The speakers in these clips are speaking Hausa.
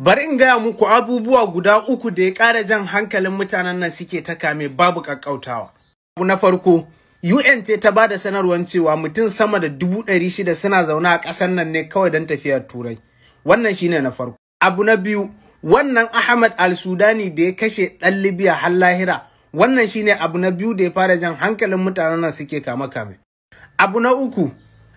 bari in gaya muku abubuwa guda uku da ya ƙara jan hankalin mutanen nan suke ta kame babu ƙaƙƙautawa. Abu na farko, UN ce ta bada sanarwar cewa mutum sama da dubu ɗari shida suna zaune a ƙasar nan ne kawai don tafiyar Turai. Wannan shi ne na farko. Abu na biyu, wannan Ahmad Al-Sudani da ya kashe ɗan Libya har lahira, wannan shi ne abu na biyu da ya fara jan hankalin mutanen nan suke kame-kame. Abu na uku,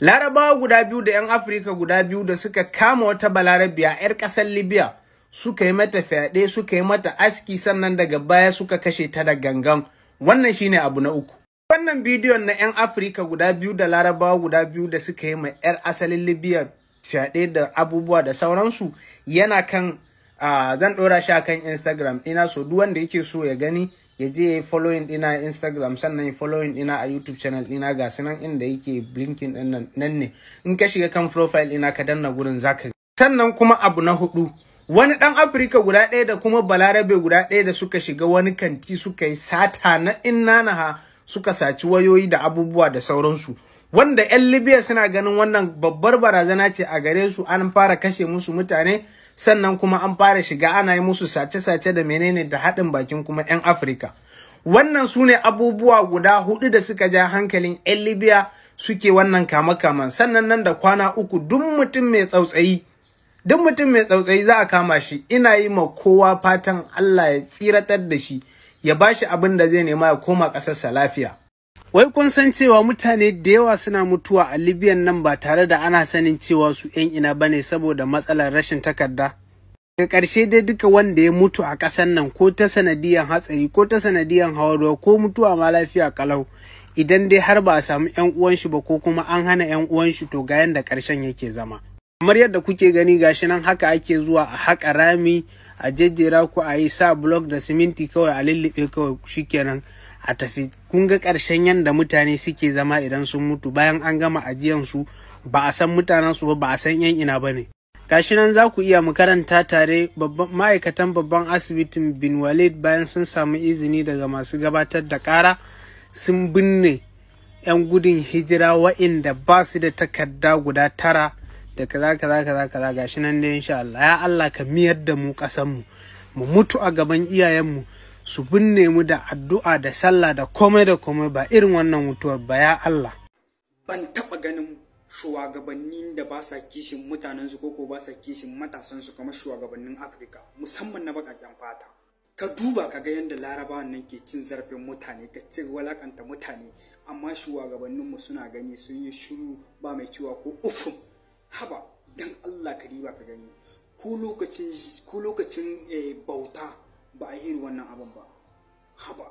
Larabawa guda biyu da 'yan Afrika guda biyu da suka kama wata balarabiya 'yar ƙasar Libya suka yi mata fyaɗe suka yi mata aski sannan daga baya suka kashe ta da gangan. Wannan shine abu na uku. Wannan bidiyon na 'yan Afrika guda biyu da Larabawa guda biyu da suka yi ma 'yar asalin Libya fyaɗe da abubuwa da sauransu yana kan ah, zan ɗora shi a kan Instagram ina so duk wanda yake so ya gani ya je ya yi following ɗina instagram sannan following ina a youtube channel ina ga sunan inda yake blinking din nan ne in ka shiga kan profile ɗina ka danna gurin zaka sannan kuma abu na hudu wani dan afrika guda ɗaya da kuma balarabe guda ɗaya da suka shiga wani kanti suka yi sata na inna ha suka saci wayoyi da abubuwa da sauransu wanda 'yan libya suna ganin wannan babbar barazana ce a gare su an fara kashe musu mutane sannan kuma an fara shiga ana yi musu sace-sace da menene da haɗin bakin kuma 'yan afirka wannan su ne abubuwa guda hudu da suka ja hankalin 'yan libya suke wannan kama-kaman sannan nan da kwana uku duk mutum mai tsautsayi duk mutum mai tsautsayi za a kama shi ina yi ma kowa fatan allah ya tsiratar da shi ya bashi abin da zai nema ya koma ƙasarsa lafiya Wai kun san cewa mutane da yawa suna mutuwa a Libyan nan ba tare da ana sanin cewa su 'yan ina ba ne saboda matsalar rashin takarda. Daga ƙarshe dai duka wanda ya mutu a ƙasar nan ko ta sanadiyar hatsari ko ta sanadiyar hawa ruwa ko mutuwa ma lafiya kalau idan dai har ba a samu 'yan uwan shi ba ko kuma an hana 'yan uwan shi to ga yanda karshen yake zama. Kamar yadda kuke gani gashi nan haka ake zuwa a haka rami a jejjera ku a yi sa blok da siminti kawai a lullube kawai shikenan. a tafi kun ga ƙarshen yadda mutane suke zama idan sun mutu bayan an gama ajiyansu ba a san mutanensu ba ba a san yan ina ba ne gashi nan za ku iya mu karanta tare ma'aikatan babban asibitin bin walid bayan sun samu izini daga masu gabatar da ƙara sun binne 'yan gudun hijira wa'inda ba su da takarda guda tara da kaza kaza kaza kaza gashi nan da insha Allah ya Allah ka miyar da mu kasanmu, mu mutu a gaban iyayenmu. su binne mu da addu'a da sallah da komai da komai ba irin wannan mutuwar ba ya Allah. Ban taɓa ganin shugabannin da ba sa kishin mutanensu koko ba sa kishin matasansu kamar shugabannin Afirka musamman na baƙaƙen fata. Ka duba ka ga yadda larabawan nan ke cin zarafin mutane ka ci walakanta mutane amma shugabannin mu suna gani sun yi shiru ba mai cewa ko ufum haba dan Allah ka riba ka gani ko lokacin eh, bauta ba a yi irin wannan abin ba haba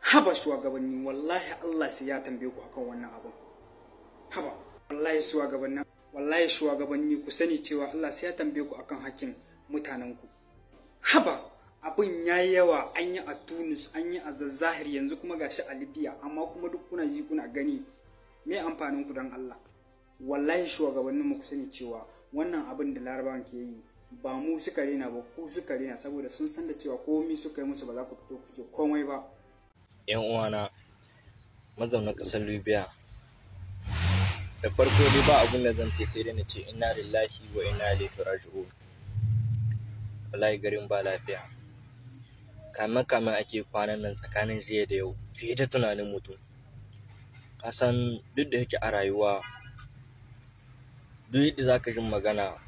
haba shugabanni wallahi Allah sai ya tambaye ku akan wannan abin haba wallahi shugabanni wallahi shugabanni ku sani cewa Allah sai ya tambaye ku akan hakkin mutanen ku haba abin ya yi yawa an yi a Tunis an yi a Zazzahir yanzu kuma gashi a Libya amma kuma duk kuna ji kuna gani me amfanin ku don Allah wallahi shugabannin mu ku sani cewa wannan abin da larabawan ke yi ba mu suka rena ba ku suka rena saboda sun san da cewa komi suka yi musu ba za ku fito ku ce komai ba yan uwana mazaunan ƙasar libya da farko dai ba abin da zan ce sai dai na ce inna lillahi wa inna ilaihi raji'un wallahi garin ba lafiya kame kame ake kwanan nan tsakanin jiya da yau fiye da tunanin mutum kasan duk da yake a rayuwa duk da za jin magana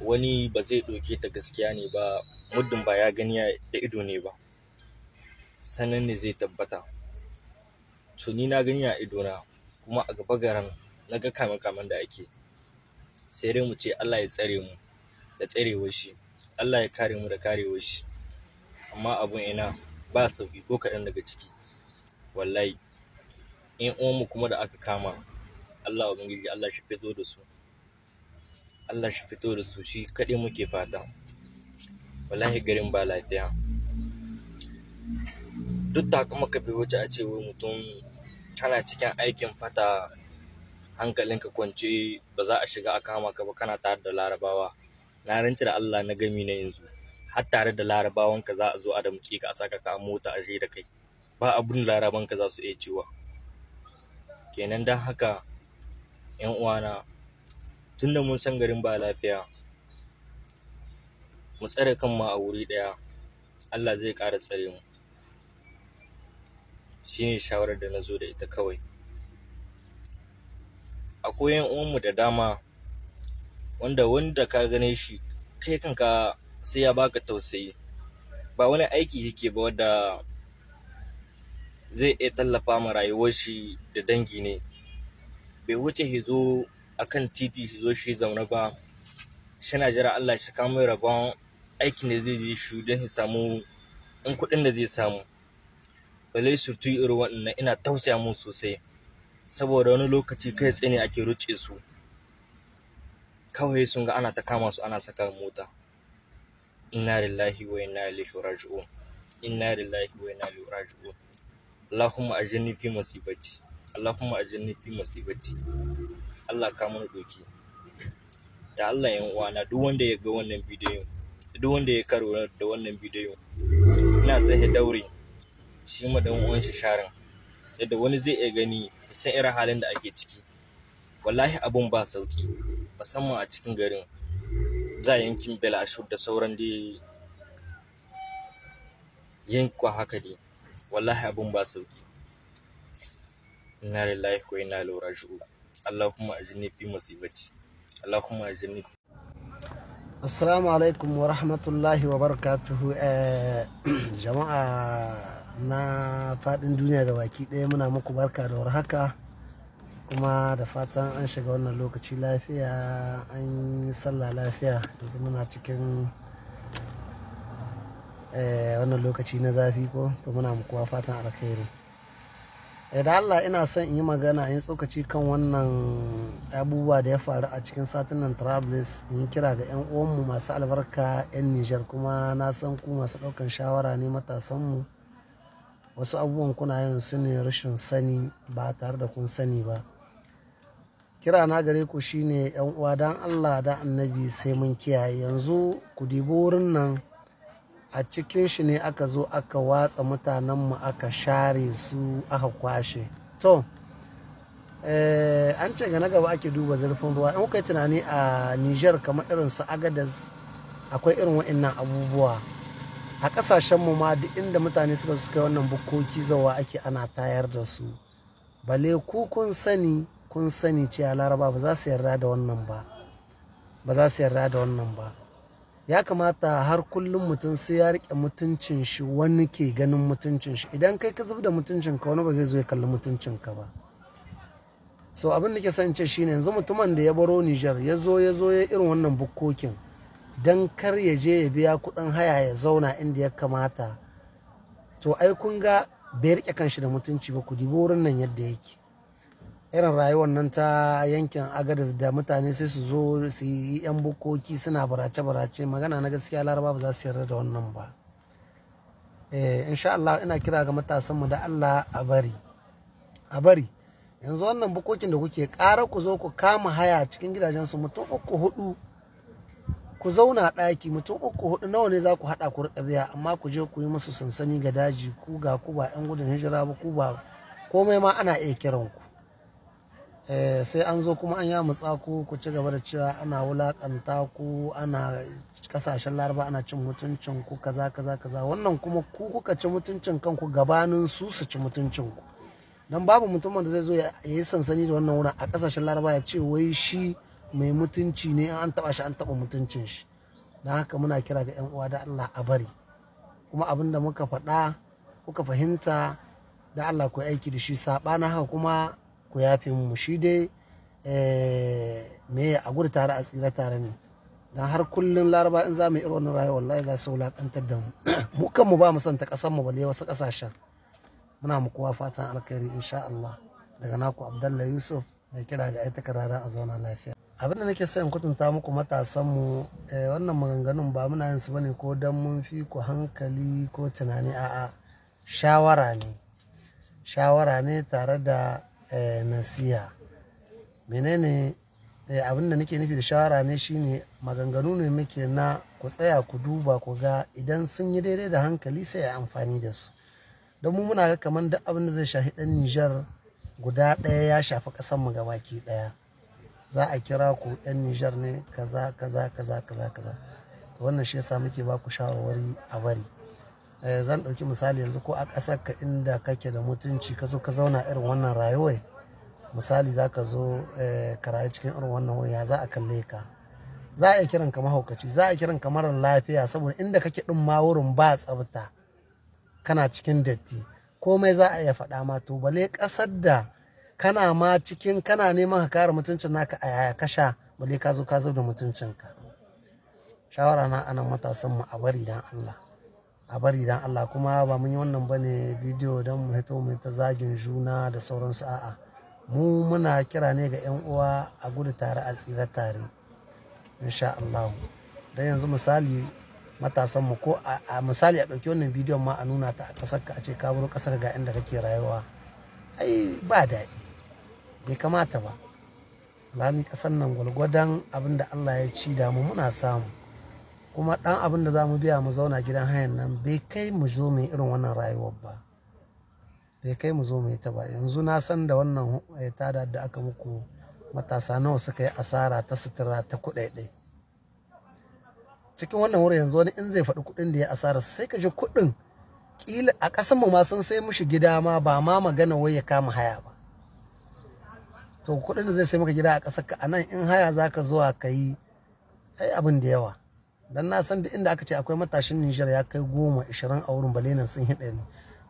wani ba zai ɗauke ta gaskiya ne ba muddin ba ya gani da ido ne ba sannan ne zai tabbata to ni na gani a idona kuma a gaba garan na ga kame-kamen da ake sai dai mu ce Allah ya tsare mu da tsarewar shi Allah ya kare mu da karewar shi amma abun ina ba sauki ko kaɗan daga ciki wallahi in mu kuma da aka kama Allah ubangiji Allah shi fito da su Allah shi fito da su shi kaɗai muke fata wallahi garin ba lafiya duk ka bai wuce a ce wai mutum kana cikin aikin fata hankalinka kwance ba za a shiga a kama ka ba kana tare da larabawa na rinci da Allah na gami na yanzu har tare da larabawanka za a zo a damƙe ka a saka ka mota a da kai ba abun larabanka za su iya ciwa kenan don haka 'yan uwana tunda mun san garin ba lafiya mu tsare kanmu a wuri ɗaya Allah zai ƙara tsare mu shine shawarar da na zo da ita kawai akwai yan uwanmu da dama wanda wanda ka gane shi kai kanka sai ya baka tausayi ba wani aiki yake ba wadda zai iya tallafa ma rayuwar shi da dangi ne bai wuce hizo zo akan titi shi zo shi zaune ba shana jira Allah ya kamar rabon aikin da zai je shi don ya samu in kuɗin da zai samu balai surtu iri waɗannan ina tausaya mu sosai saboda wani lokaci kai tsaye ne ake ruce su kawai sun ga ana ta kama su ana saka mota inna lillahi wa inna ilaihi raji'un inna lillahi wa inna ilaihi raji'un اللهم أجرني في مصيبتي اللهم أجرني في مصيبتي Allah ka mana doki da Allah yan uwana duk wanda ya ga wannan bidiyon duk wanda ya karo da wannan bidiyo ina sai ya daure shi ma dan uwan shi sharin yadda wani zai iya gani san irin halin da ake ciki wallahi abun ba sauki musamman a cikin garin za yankin belashur da sauran da yankwa haka dai wallahi abun ba sauki Na lillahi ko ina lura raji'un Allahumma fi musibati Allahumma Assalamu alaikum wa rahmatullahi wa barakatuhu eh, jama'a na fadin duniya ga baki ɗaya muna muku barka da warhaka kuma da fatan an shiga wannan lokaci lafiya an yi sallah lafiya yanzu muna cikin eh, wannan lokaci na zafi ko to muna muku fatan alkhairi Eh, da Allah ina son in yi magana in tsokaci kan wannan abubuwa da ya faru a cikin satinan travelers in kira ga 'yan uwanmu masu albarka 'yan nijar kuma na san ku masu ɗaukan shawara ne matasanmu wasu abubuwan kuna yin su ne rashin sani ba tare da kun sani ba kira na gare ku shine 'yan uwa don Allah da annabi sai mun kiyaye yanzu ku dibo wurin nan a cikin shi ne aka zo aka watsa mutanenmu aka share su aka kwashe to eh, an ce ga na gaba ake duba zurfin ruwa in kai tunani a niger kamar irin su agadas akwai irin wa'annan abubuwa a mu ma duk inda mutane suka suka wannan bukkoki zawa ake ana tayar da su bale ku kun sani kun sani cewa laraba ba za su yarda da wannan ba ba za su yarda da wannan ba ya kamata har kullum mutum sai ya rike mutuncin shi wani ke ganin mutuncin shi idan kai ka zub da mutuncin ka wani ba zai zo ya kalli mutuncin ka ba so abin da ke san ce shine yanzu mutumin da ya baro Nijar ya zo ya zo ya irin wannan bukkokin dan kar ya je ya biya kuɗin haya ya zauna inda ya kamata to ai kun ga bai rike kanshi da mutunci ba ku dibo wurin nan yadda yake irin rayuwar nan ta yankin agadas da mutane sai su zo su yi yan bukoki suna barace-barace magana na gaskiya laraba ba za su yarda da wannan ba eh, insha Allah ina kira ga matasanmu da Allah a bari a bari yanzu wannan bukokin da kuke ƙara ku zo ku kama haya cikin gidajensu mutum uku hudu ku zauna ɗaki mutum uku hudu nawa ne za ku haɗa ku riƙa biya amma ku je ku yi musu sansani ga daji ku ga ku ba 'yan gudun hijira ba ku ba komai ma ana iya kiran ku Eh, sai an zo kuma an ya mutsa ku ku ci gaba da cewa ana wulakanta ku ana kasashen laraba ana cin mutuncin ku kaza kaza kaza wannan kuma ku kuka ci mutuncin kanku gabanin su su ci mutuncin ku dan babu mutumin da zai zo ya yi sansani da wannan wurin a kasashen laraba ya ce wai shi mai mutunci ne an taba shi an taba mutuncin shi don haka muna kira ga 'yan uwa da Allah a bari kuma abin da muka faɗa kuka fahimta da Allah ku aiki da shi sabana haka kuma ku yafi mu shi dai eh, me a gudu tare a tsira tare ne don har kullum laraba in za mu yi irin wannan rayuwa wallahi za su wulakantar da mu mu kanmu ba mu santa ƙasan mu balle wasu ƙasashen muna mu kowa fatan alkhairi insha Allah daga naku Abdallah Yusuf mai kira ga ita karara a zauna lafiya Abin da nake so in kutunta muku matasan mu eh, wannan maganganun ba muna yin su bane ko dan mun fi ku hankali ko tunani a'a shawara ne shawara ne tare da Eh, nasiha menene eh, abin da nake nufi da shawara ne shine maganganu ne muke na ku tsaya ku duba ku ga idan sun yi daidai da hankali sai a amfani da su don mu muna ga kamar duk abin da zai shafi dan Nijar guda ɗaya ya shafi ƙasar mu gabaki ɗaya za a kira ku yan Nijar ne kaza kaza kaza kaza kaza wannan shi yasa muke ba ku shawarwari a bari Eh, zan ɗauki misali yanzu ko a ƙasar ka inda kake da mutunci ka zo ka zauna irin wannan rayuwa misali za ka zo eh, ka rayu cikin irin wannan wurin za a kalle ka za a iya kiran ka mahaukaci za a kiran ka mara lafiya saboda inda kake ɗin ma wurin ba tsafta kana cikin datti komai za a iya faɗa ma to bale ƙasar da kana ma cikin kana neman ka kare mutuncin naka a yaya kasha bale ka zo ka zo da mutuncinka shawara na anan matasan mu a bari dan Allah a bari dan Allah kuma ba mun yi wannan bane bidiyo don mu hito mu ta zagin juna da sauransu a'a mu muna kira ne ga 'yan uwa a gudu tare a tsira tare insha Allah da yanzu misali matasan mu ko a misali a ɗauki wannan bidiyon ma a nuna ta a ƙasar ka a ce ka buru kasar ga inda kake rayuwa ai ba daɗi bai kamata ba lani kasar nan gwalgwadon abin da Allah ya ci damu muna samu kuma dan abin da za mu biya mu zauna gidan hayan nan bai kai mu zo mu irin wannan rayuwar ba bai kai mu zo mu ta ba yanzu na san da wannan eh, tada da aka muku matasa nawa suka yi asara ta sutura ta kuɗaɗe cikin wannan wurin yanzu wani in zai faɗi kuɗin da ya asara sai ka ji kuɗin kila a ƙasar mu ma sun sai mushi gida ma ba ma magana wai ya kama haya ba to kuɗin da zai sai maka gida a ƙasar ka anan in haya zaka zuwa ka yi ai abin da yawa dan na san duk inda aka ce akwai matashin Niger ya kai goma ishirin a wurin balenan sun hi ɗari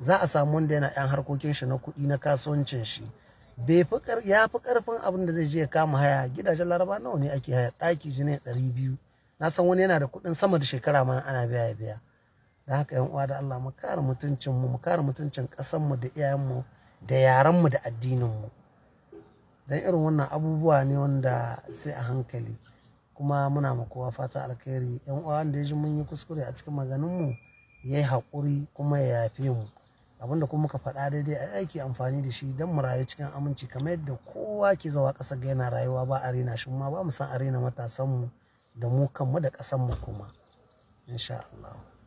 za a samu wanda yana yan harkokin shi na kuɗi na kasuwancin shi ya fi karfin abin da zai je ya kama haya gidajen laraba nawa ne ake haya ɗaki jini ɗari biyu na san wani yana da kuɗin sama da shekara ma ana biya ya biya da haka yan uwa da Allah mu kare mutuncin mu mu kare mutuncin ƙasar mu da iyayen mu da yaran mu da addinin mu dan irin wannan abubuwa ne wanda sai a hankali kuma muna ma fata alkhairi yan uwa da ya ji mun yi kuskure a cikin maganinmu ya yi haƙuri kuma ya yafe mu abinda kuma muka faɗa daidai a aiki amfani da shi don mu rayu cikin aminci kamar yadda kowa ke zawa ƙasa ga yana rayuwa ba a rena shi ma ba mu san a rena mu da mu kanmu da ƙasan mu kuma insha Allah